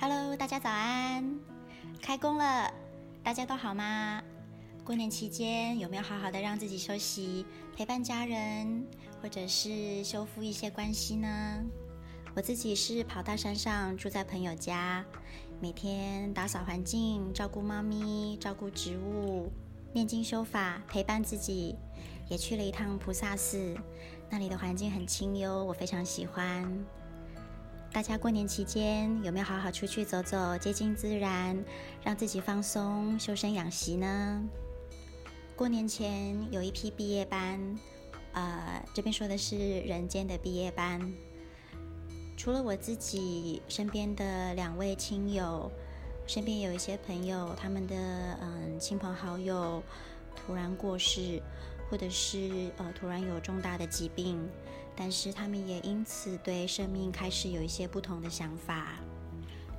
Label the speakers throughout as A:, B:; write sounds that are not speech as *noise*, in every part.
A: Hello，大家早安，開工了，大家都好嗎？過年期間有沒有好好的讓自己休息，陪伴家人，或者是修復一些關係呢？我自己是跑到山上住在朋友家，每天打掃環境，照顧貓咪，照顧植物，念經修法，陪伴自己，也去了一趟菩薩寺，那裡的環境很清幽，我非常喜歡。大家過年期間有沒有好好出去走走，接近自然，讓自己放鬆、修身養息呢？過年前有一批畢業班，呃，這邊說的是人間的畢業班。除了我自己身邊的兩位親友，身邊有一些朋友，他們的嗯親朋好友突然過世。或者是呃，突然有重大的疾病，但是他們也因此對生命開始有一些不同的想法。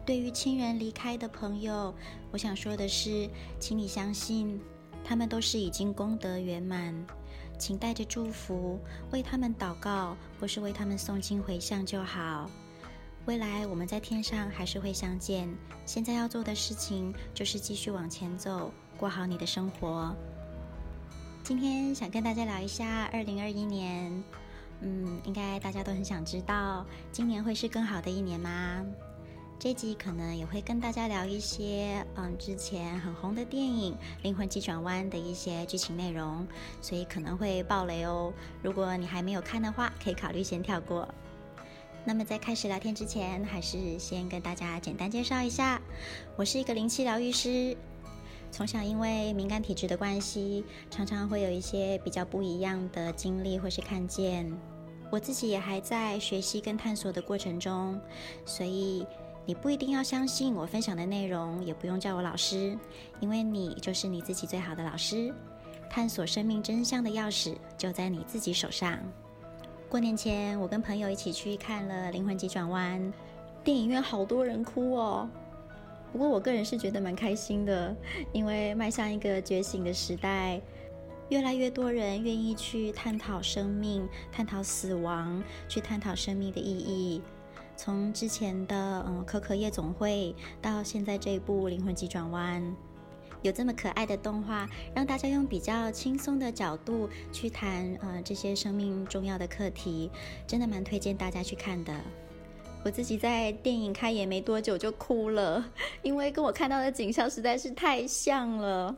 A: 對於親人離開的朋友，我想說的是，請你相信，他們都是已經功德圓滿，請帶着祝福為他們禱告，或是為他們誦經回向就好。未來我們在天上還是會相見，現在要做的事情就是繼續往前走，過好你的生活。今天想跟大家聊一下二零二一年，嗯，應該大家都很想知道，今年會是更好的一年嗎？這集可能也會跟大家聊一些，嗯，之前很紅的電影《靈魂急轉彎》的一些劇情內容，所以可能會爆雷哦。如果你還沒有看的話，可以考慮先跳過。那麼在開始聊天之前，還是先跟大家簡單介紹一下，我是一個靈氣療癒師。從小因為敏感體質的關係，常常會有一些比較不一樣的經歷或是看見。我自己也還在學習跟探索的過程中，所以你不一定要相信我分享的內容，也不用叫我老師，因為你就是你自己最好的老師。探索生命真相的鑰匙就在你自己手上。過年前，我跟朋友一起去看了《靈魂急轉彎》，電影院好多人哭哦。不過我個人是覺得蠻開心的，因為邁向一個覺醒的時代，越來越多人願意去探討生命、探討死亡、去探討生命的意義。從之前的嗯、呃《可可夜總會》到現在這一部《靈魂急轉彎》，有這麼可愛的動畫，讓大家用比較輕鬆的角度去談呃這些生命重要的課題，真的蠻推薦大家去看的。我自己在電影開演沒多久就哭了，因為跟我看到的景象實在是太像了。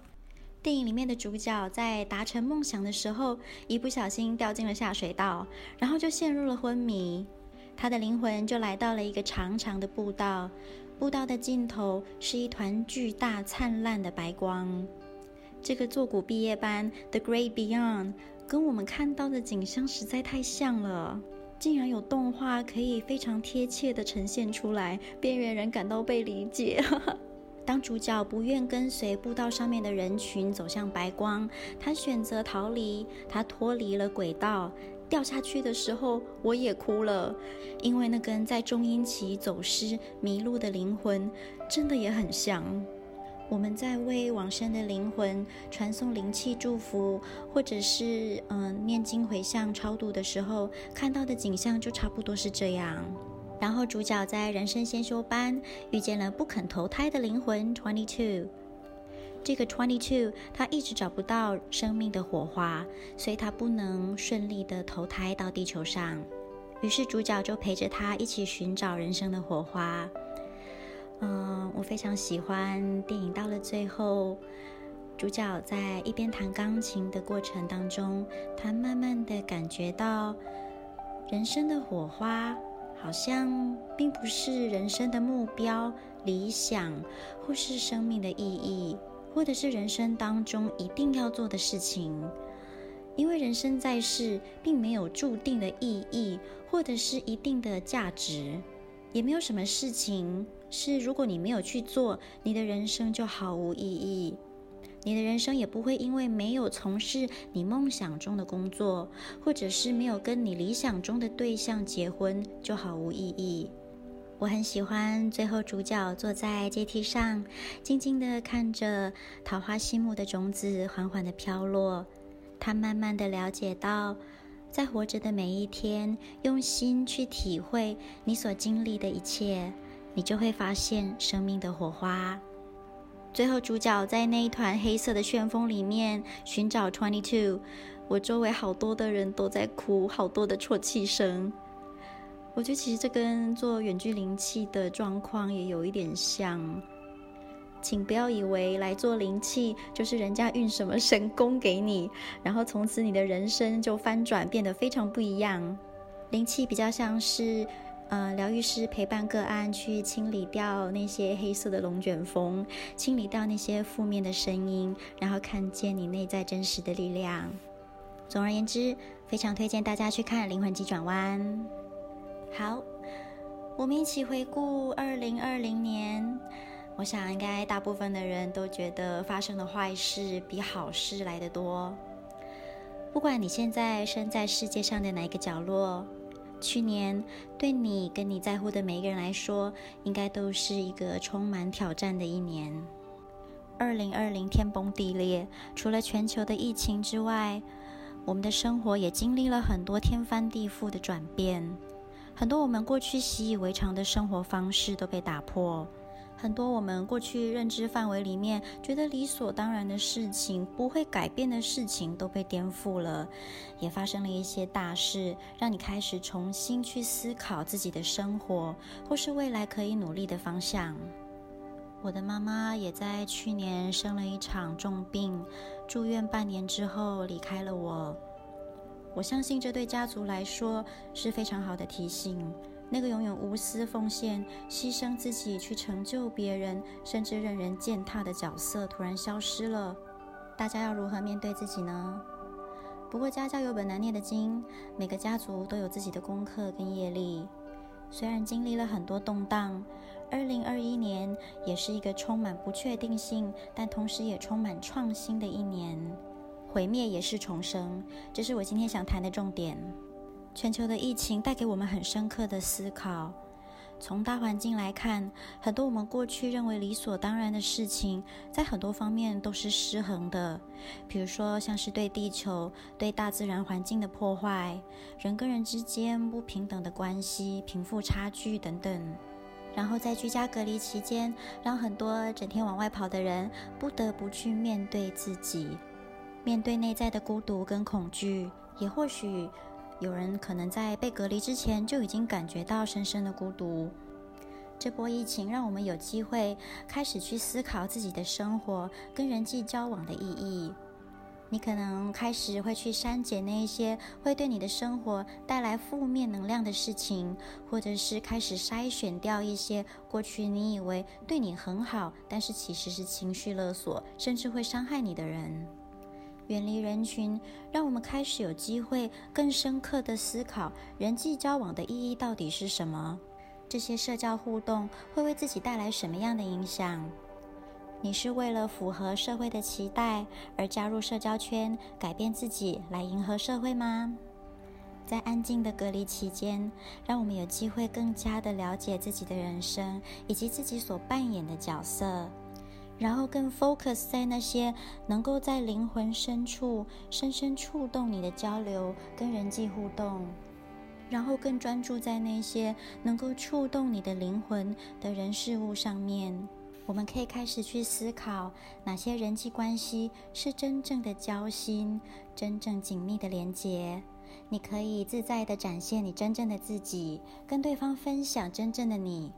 A: 電影裡面的主角在達成夢想的時候，一不小心掉進了下水道，然後就陷入了昏迷。他的靈魂就來到了一個長長的步道，步道的盡頭是一團巨大燦爛的白光。這個《作古畢業班》The Great Beyond，跟我們看到的景象實在太像了。竟然有動畫可以非常貼切地呈現出來，邊緣人感到被理解。 *laughs* 當主角不願跟隨步道上面的人群走向白光，他選擇逃離，他脫離了軌道，掉下去的時候，我也哭了，因為那跟在中陰期走失迷路的靈魂，真的也很像。我們在為往生的靈魂傳送靈氣、祝福，或者是嗯、呃、念經回向超度的時候，看到的景象就差不多是這樣。然後主角在人生先修班遇見了不肯投胎的靈魂 Twenty Two。這個 Twenty Two 他一直找不到生命的火花，所以他不能順利的投胎到地球上。於是主角就陪着他一起尋找人生的火花。嗯，我非常喜歡電影。到了最後，主角在一邊彈鋼琴的過程當中，他慢慢地感覺到，人生的火花好像並不是人生的目標、理想，或是生命的意義，或者是人生當中一定要做的事情。因為人生在世，並沒有注定的意義，或者是一定的價值，也沒有什麼事情。是，如果你沒有去做，你的人生就毫無意義。你的人生也不會因為沒有從事你夢想中的工作，或者是沒有跟你理想中的對象結婚，就毫無意義。我很喜歡最後主角坐在階梯上，靜靜的看着桃花心木的種子緩緩的飄落。他慢慢的了解到，在活着的每一天，用心去體會你所經歷的一切。你就會發現生命的火花。最後主角在那一團黑色的旋風裡面尋找 twenty two，我周圍好多的人都在哭，好多的啜泣聲。我覺得其實這跟做遠距靈氣的狀況也有一點像。請不要以為來做靈氣就是人家運什麼神功給你，然後從此你的人生就翻轉變得非常不一樣。靈氣比較像是。呃，療癒師陪伴個案去清理掉那些黑色的龍捲風，清理掉那些負面的聲音，然後看見你內在真實的力量。總而言之，非常推薦大家去看《靈魂急轉彎》。好，我們一起回顧2020年，我想應該大部分的人都覺得發生的壞事比好事來得多。不管你現在身在世界上的哪一個角落，去年，對你跟你在乎的每一個人來說，應該都是一個充滿挑戰的一年。二零二零天崩地裂，除了全球的疫情之外，我們的生活也經歷了很多天翻地覆的轉變，很多我們過去習以為常的生活方式都被打破。很多我們過去認知範圍裡面覺得理所當然的事情，不會改變的事情都被顛覆了，也發生了一些大事，讓你開始重新去思考自己的生活，或是未來可以努力的方向。我的媽媽也在去年生了一場重病，住院半年之後離開了我。我相信這對家族來說是非常好的提醒。那個永遠無私奉獻、犧牲自己去成就別人，甚至任人踐踏的角色突然消失了，大家要如何面對自己呢？不過家家有本難念的經，每個家族都有自己的功課跟業力。雖然經歷了很多動盪，2021年也是一個充滿不確定性，但同時也充滿創新的一年。毀滅也是重生，這是我今天想談的重點。全球的疫情帶給我們很深刻的思考。從大環境來看，很多我們過去認為理所當然的事情，在很多方面都是失衡的。比如說，像是對地球、對大自然環境的破壞，人跟人之間不平等的關係、貧富差距等等。然後在居家隔離期間，讓很多整天往外跑的人不得不去面對自己，面對內在的孤獨跟恐懼，也或許……有人可能在被隔離之前就已經感覺到深深的孤獨。這波疫情讓我們有機會開始去思考自己的生活跟人際交往的意義。你可能開始會去刪減那一些會對你的生活帶來負面能量的事情，或者是開始篩選掉一些過去你以為對你很好，但是其實是情緒勒索，甚至會傷害你的人。遠離人群，讓我們開始有機會更深刻地思考人際交往的意義到底是什麼。這些社交互動會為自己帶來什麼樣的影響？你是為了符合社會的期待而加入社交圈，改變自己來迎合社會嗎？在安靜的隔離期間，讓我們有機會更加地了解自己的人生以及自己所扮演的角色。然後更 focus 在那些能夠在靈魂深處深深觸動你的交流跟人際互動，然後更專注在那些能夠觸動你的靈魂的人事物上面。我們可以開始去思考哪些人際關係是真正的交心、真正緊密的連接，你可以自在地展現你真正的自己，跟對方分享真正的你。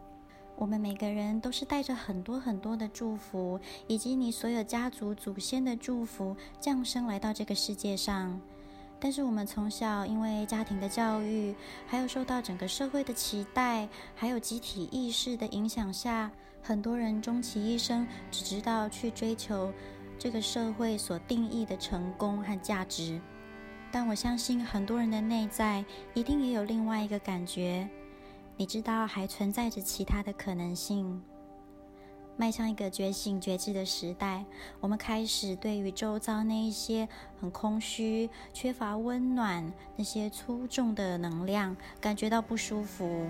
A: 我們每個人都是帶着很多很多的祝福，以及你所有家族祖先的祝福降生來到這個世界上。但是，我們從小因為家庭的教育，還有受到整個社會的期待，還有集體意識的影響下，很多人終其一生只知道去追求這個社會所定義的成功和價值。但我相信，很多人的內在一定也有另外一個感覺。你知道還存在着其他的可能性。邁向一個覺醒覺知的時代，我們開始對於周遭那一些很空虛、缺乏溫暖、那些粗重的能量感覺到不舒服。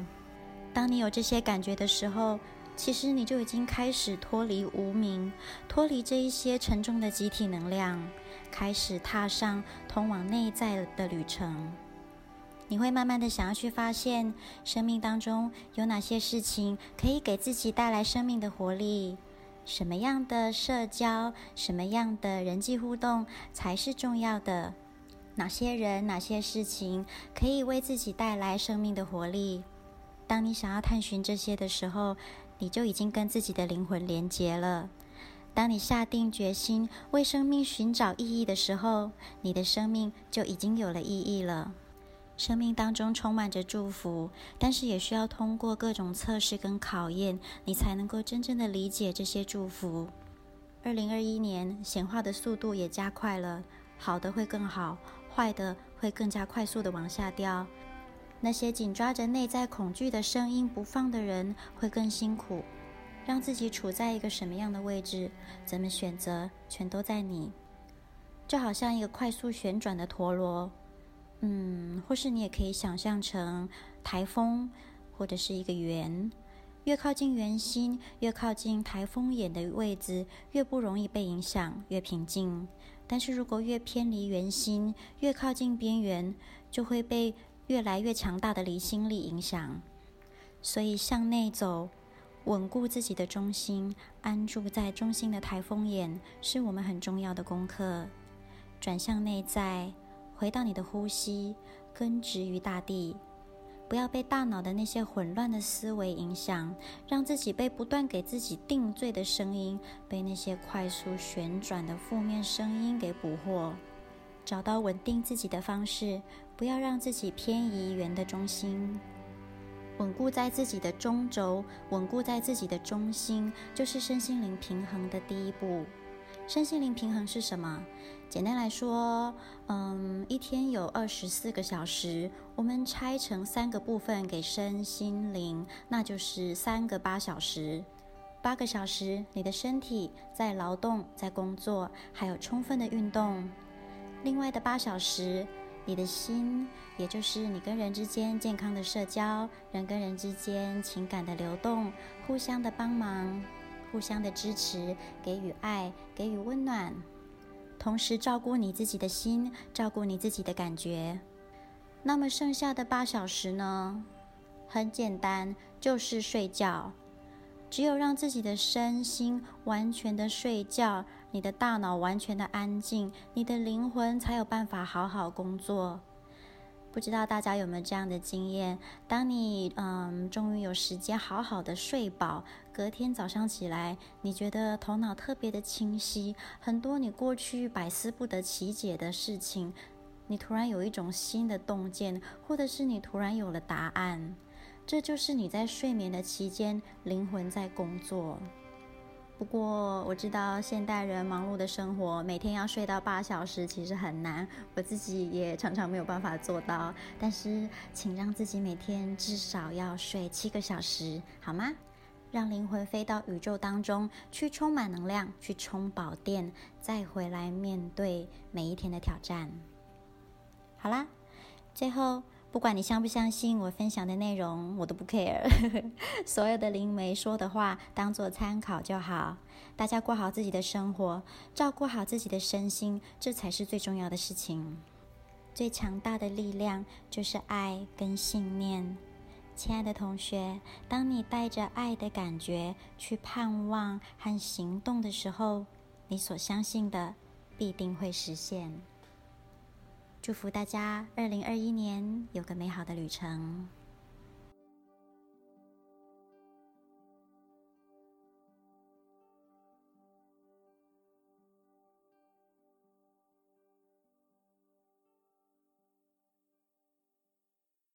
A: 當你有這些感覺的時候，其實你就已經開始脫離無明，脫離這一些沉重的集體能量，開始踏上通往內在的旅程。你會慢慢的想要去發現，生命當中有哪些事情可以給自己帶來生命的活力？什麼樣的社交，什麼樣的人際互動才是重要的？哪些人，哪些事情可以為自己帶來生命的活力？當你想要探尋這些的時候，你就已經跟自己的靈魂連接了。當你下定決心為生命尋找意義的時候，你的生命就已經有了意義了。生命當中充滿着祝福，但是也需要通過各種測試跟考驗，你才能夠真正的理解這些祝福。二零二一年顯化的速度也加快了，好的會更好，壞的會更加快速的往下掉。那些緊抓着內在恐懼的聲音不放的人會更辛苦，讓自己處在一個什麼樣的位置，怎麼選擇，全都在你。就好像一個快速旋轉的陀螺。嗯，或是你也可以想象成台風，或者是一個圓，越靠近圓心，越靠近台風眼的位置，越不容易被影響，越平靜。但是如果越偏離圓心，越靠近邊緣，就會被越來越強大的離心力影響。所以向內走，穩固自己的中心，安住在中心的台風眼，是我們很重要的功課。轉向內在。回到你的呼吸，根植於大地，不要被大腦的那些混亂的思維影響，讓自己被不斷給自己定罪的聲音，被那些快速旋轉的負面聲音給捕獲。找到穩定自己的方式，不要讓自己偏移圓的中心，穩固在自己的中軸，穩固在自己的中心，就是身心靈平衡的第一步。身心靈平衡是什麼？簡單來說，嗯，一天有二十四個小時，我們拆成三個部分給身心靈，那就是三個八小時。八個小時，你的身體在勞動、在工作，還有充分的運動；另外的八小時，你的心，也就是你跟人之間健康的社交，人跟人之間情感的流動，互相的幫忙。互相的支持，給予愛，給予溫暖，同時照顧你自己的心，照顧你自己的感覺。那麼剩下的八小時呢？很簡單，就是睡覺。只有讓自己的身心完全的睡覺，你的大腦完全的安靜，你的靈魂才有辦法好好工作。不知道大家有沒有這樣的經驗？當你嗯，終於有時間好好的睡飽，隔天早上起來，你覺得頭腦特別的清晰，很多你過去百思不得其解的事情，你突然有一種新的洞見，或者是你突然有了答案。這就是你在睡眠的期間，靈魂在工作。不過我知道，現代人忙碌的生活，每天要睡到八小時其實很難。我自己也常常沒有辦法做到。但是，請讓自己每天至少要睡七個小時，好嗎？讓靈魂飛到宇宙當中去，充滿能量，去充飽電，再回來面對每一天的挑戰。好啦，最後。不管你相不相信我分享的內容，我都不 care。 *laughs* 所有的靈媒說的話當做參考就好。大家過好自己的生活，照顧好自己的身心，這才是最重要的事情。最強大的力量就是愛跟信念。親愛的同學，當你帶着愛的感覺去盼望和行動的時候，你所相信的必定會實現。祝福大家，二零二一年有個美好的旅程。